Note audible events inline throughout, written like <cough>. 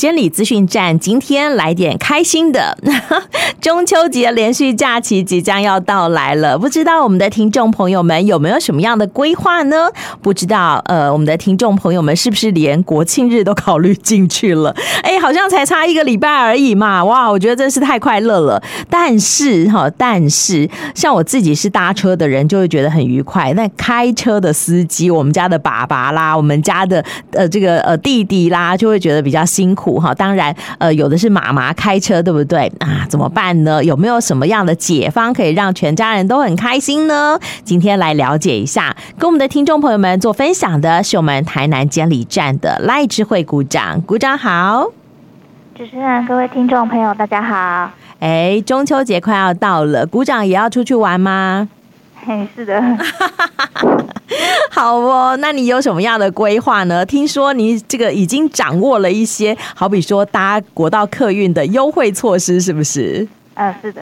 監理資訊站今天來點開心的， <laughs> 中秋節連續假期即將要到來了，不知道我們的聽眾朋友們有沒有什麼樣的規劃呢？不知道呃，我們的聽眾朋友們是不是連國慶日都考慮進去了？哎，好像才差一個禮拜而已嘛！哇，我覺得真是太快樂了。但是哈，但是像我自己是搭車的人，就會覺得很愉快；那開車的司機，我們家的爸爸啦，我們家的呃這個呃弟弟啦，就會覺得比較辛苦。苦當然，呃，有的是媽媽開車，對不對？啊，怎麼辦呢？有沒有什麼樣的解方，可以讓全家人都很開心呢？今天來了解一下，跟我們的聽眾朋友們做分享的是我們台南監理站的賴至慧股長，股長好。主持人，各位聽眾朋友，大家好。哎，中秋節快要到了，股長也要出去玩嗎？嘿，是的。 <laughs> 好哦，那你有什麼樣的規劃呢？聽說你這個已經掌握了一些，好比說搭國道客運的優惠措施，是不是？嗯、啊，是的。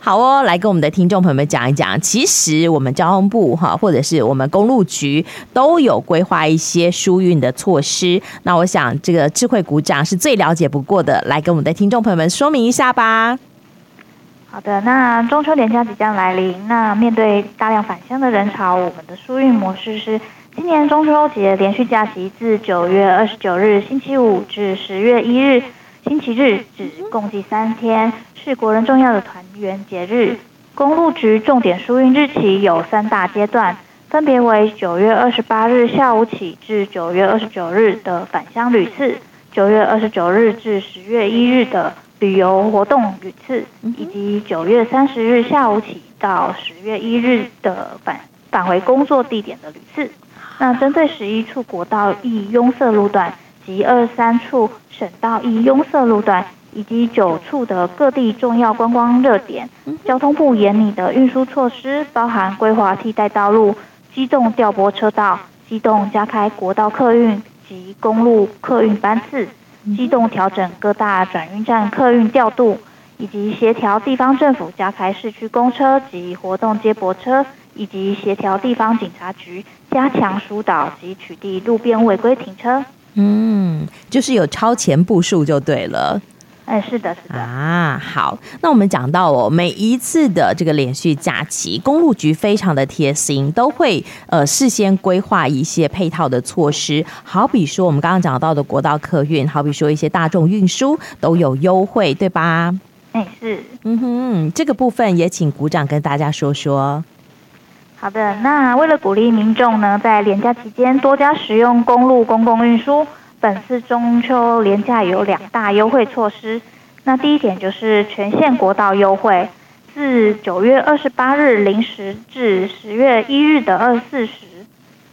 好哦，來跟我們的聽眾朋友們講一講。其實我們交通部哈，或者是我們公路局都有規劃一些疏運的措施。那我想這個至慧股長是最了解不過的，來跟我們的聽眾朋友們說明一下吧。好的，那中秋連假即將來臨，那面對大量返鄉的人潮，我們的疏運模式是，今年中秋節連續假期自九月二十九日星期五至十月一日星期日止共計三天，是國人重要的團圓節日。公路局重點疏運日期有三大階段，分別為九月二十八日下午起至九月二十九日的返鄉旅次，九月二十九日至十月一日的，旅遊活動旅次，以及九月三十日下午起到十月一日的返返回工作地點的旅次。那針對十一處國道易壅塞路段及二十三處省道易壅塞路段，以及九處的各地重要觀光熱點，交通部研擬的運輸措施，包含規劃替代道路、機動調撥車道、機動加開國道客運及公路客運班次。機動調整各大轉運站客運調度，以及協調地方政府加開市區公車及活動接駁車，以及協調地方警察局加強疏導及取締路邊違規停車。嗯，就是有超前部署就對了。哎、嗯，是的，是的啊。好，那我們講到哦，每一次的這個連續假期，公路局非常的貼心，都會呃事先規劃一些配套的措施，好比說我們剛剛講到的國道客運，好比說一些大眾運輸都有優惠，對吧？哎、嗯，是，嗯哼，這個部分也請股長跟大家說說。好的，那為了鼓勵民眾呢，在連假期間多加使用公路公共運輸。本次中秋連假有兩大優惠措施。那第一點就是全線國道優惠，自九月二十八日零時至十月一日的二十四時，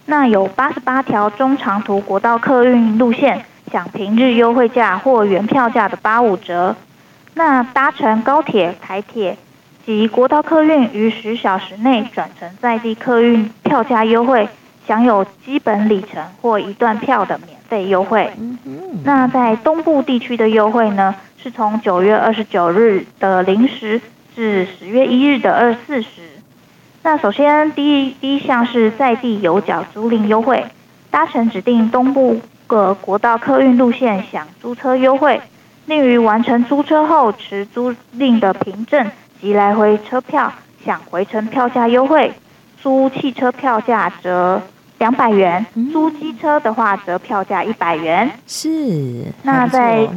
那有八十八條中長途國道客運路線，享平日優惠價或原票價的八五折。那搭乘高鐵、台鐵及國道客運於十小時內轉乘在地客運，票價優惠享有基本里程或一段票的免費優惠，那在東部地區的優惠呢？是從九月二十九日的零時至十月一日的二十四時。那首先第一第一項是在地有腳租賃優惠，搭乘指定東部各國道客運路線享租車優惠，另於完成租車後持租賃的憑證及來回車票享回程票價優惠，租汽車票價則，則兩百元、嗯、租機車的話，則票價一百元。是，那在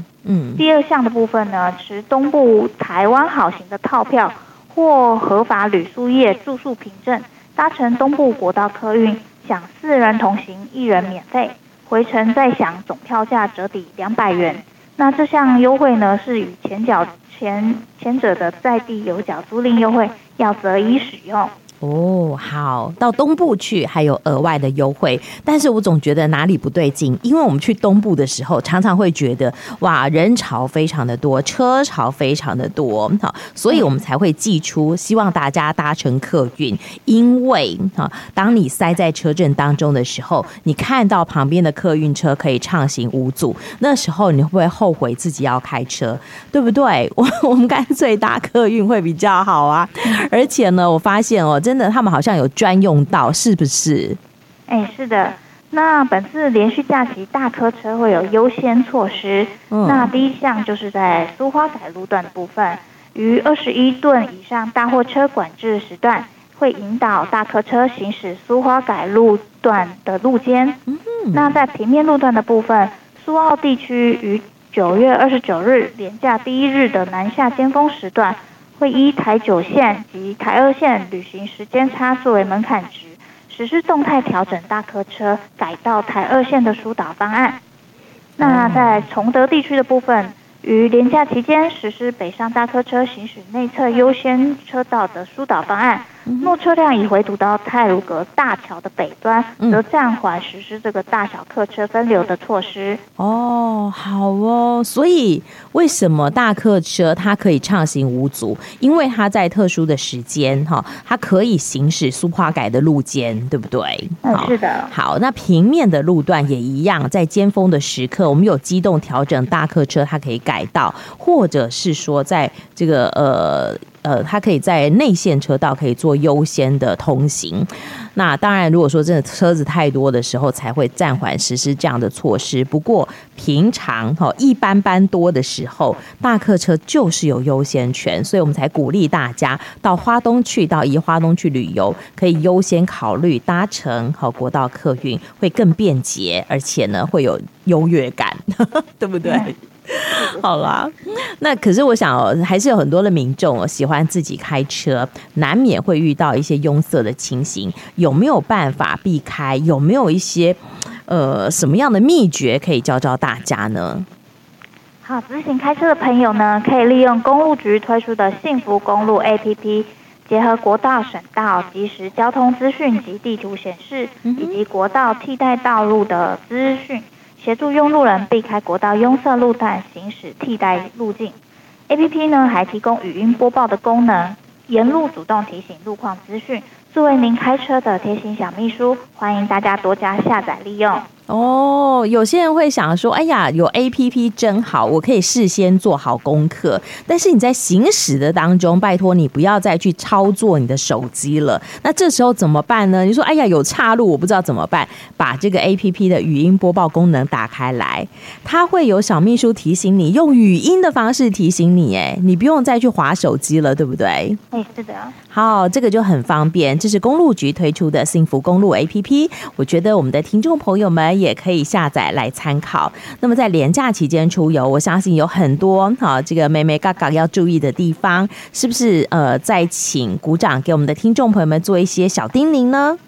第二項的部分呢，嗯、持東部台灣好行的套票或合法旅宿業住宿憑證，搭乘東部國道客運享四人同行一人免費，回程再享總票價折抵兩百元。那這項優惠呢，是與前腳前前者的在地有腳租賃優惠要擇一使用。哦，好，到東部去還有額外的優惠，但是我總覺得哪裡不對勁，因為我們去東部的時候，常常會覺得哇，人潮非常的多，車潮非常的多，好，所以我們才會祭出，希望大家搭乘客運，因為啊，當你塞在車陣當中的時候，你看到旁邊的客運車可以暢行無阻，那時候你會不會後悔自己要開車，對不對？我我們乾脆搭客運會比較好啊，而且呢，我發現哦、喔、這。真的，他們好像有專用道，是不是？哎、欸，是的。那本次連續假期大客車會有優先措施。嗯、那第一項就是在蘇花改路段的部分，於二十一噸以上大貨車管制時段，會引導大客車行駛蘇花改路段的路肩、嗯。那在平面路段的部分，蘇澳地區於九月二十九日連假第一日的南下尖峰時段。會依台九線及台二線旅行時間差作為門檻值，實施動態調整大客車改道台二線的疏導方案。那在崇德地區的部分，於連假期間實施北上大客車行駛內側優先車道的疏導方案。若車輛已回堵到太魯閣大橋的北端，則暫緩實施這個大小客車分流的措施。哦，好哦。所以為什麼大客車它可以暢行無阻？因為它在特殊的時間，哈，它可以行駛蘇花改的路肩，對不對？嗯，是的。好，那平面的路段也一樣，在尖峰的時刻，我們有機動調整大客車，它可以改道，或者是說，在這個呃。呃，它可以在內線車道可以做優先的通行。那當然，如果說真的車子太多的時候，才會暫緩實施這樣的措施。不過平常哈一般般多的時候，大客車就是有優先權，所以我們才鼓勵大家到花東去，到宜花東去旅遊，可以優先考慮搭乘和國道客運會更便捷，而且呢會有優越感， <laughs> 對不對？好啦。那可是我想，還是有很多的民眾喜歡自己開車，難免會遇到一些擁塞的情形。有沒有辦法避開？有沒有一些呃什麼樣的祕訣可以教教大家呢？好，自行開車的朋友呢，可以利用公路局推出的幸福公路 APP，結合國道、省道即時交通資訊及地圖顯示，以及國道替代道路的資訊。嗯協助用路人避開國道擁塞路段，行駛替代路徑。APP 呢還提供語音播報的功能，沿路主動提醒路況資訊。作為您開車的貼心小秘書，歡迎大家多加下載利用哦。Oh, 有些人會想說：“哎呀，有 APP 真好，我可以事先做好功課。”但是你在行駛的當中，拜托你不要再去操作你的手機了。那這時候怎麼辦呢？你說：“哎呀，有岔路，我不知道怎麼辦。”把這個 APP 的語音播報功能打開來，它會有小秘書提醒你，用語音的方式提醒你。哎，你不用再去滑手機了，對不對？哎，是的。好，這個就很方便。這是公路局推出的幸福公路 APP，我覺得我們的聽眾朋友們也可以下載來參考。那麼在連假期間出遊，我相信有很多哈、啊、這個梅梅嘎嘎要注意的地方，是不是？呃，再請股長給我們的聽眾朋友們做一些小叮嚀呢？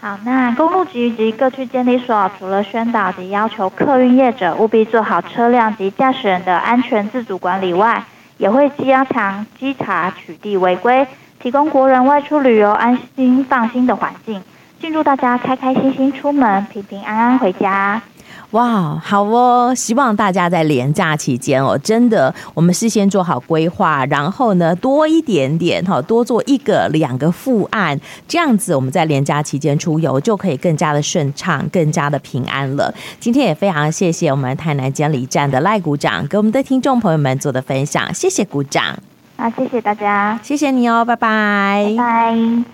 好，那公路局及各區監理所除了宣導及要求客運業者務必做好車輛及駕駛人的安全自主管理外，也會加強稽查、取締違規。提供國人外出旅遊安心放心的環境，慶祝大家開開心心出門，平平安安回家。哇、wow，好哦！希望大家在連假期間哦，真的，我們事先做好規劃，然後呢，多一點點，哈，多做一個兩個副案，這樣子我們在連假期間出遊就可以更加的順暢，更加的平安了。今天也非常謝謝我們台南監理站的賴股長給我們的聽眾朋友們做的分享，謝謝鼓掌。啊，謝謝大家，謝謝你哦，拜拜，拜拜。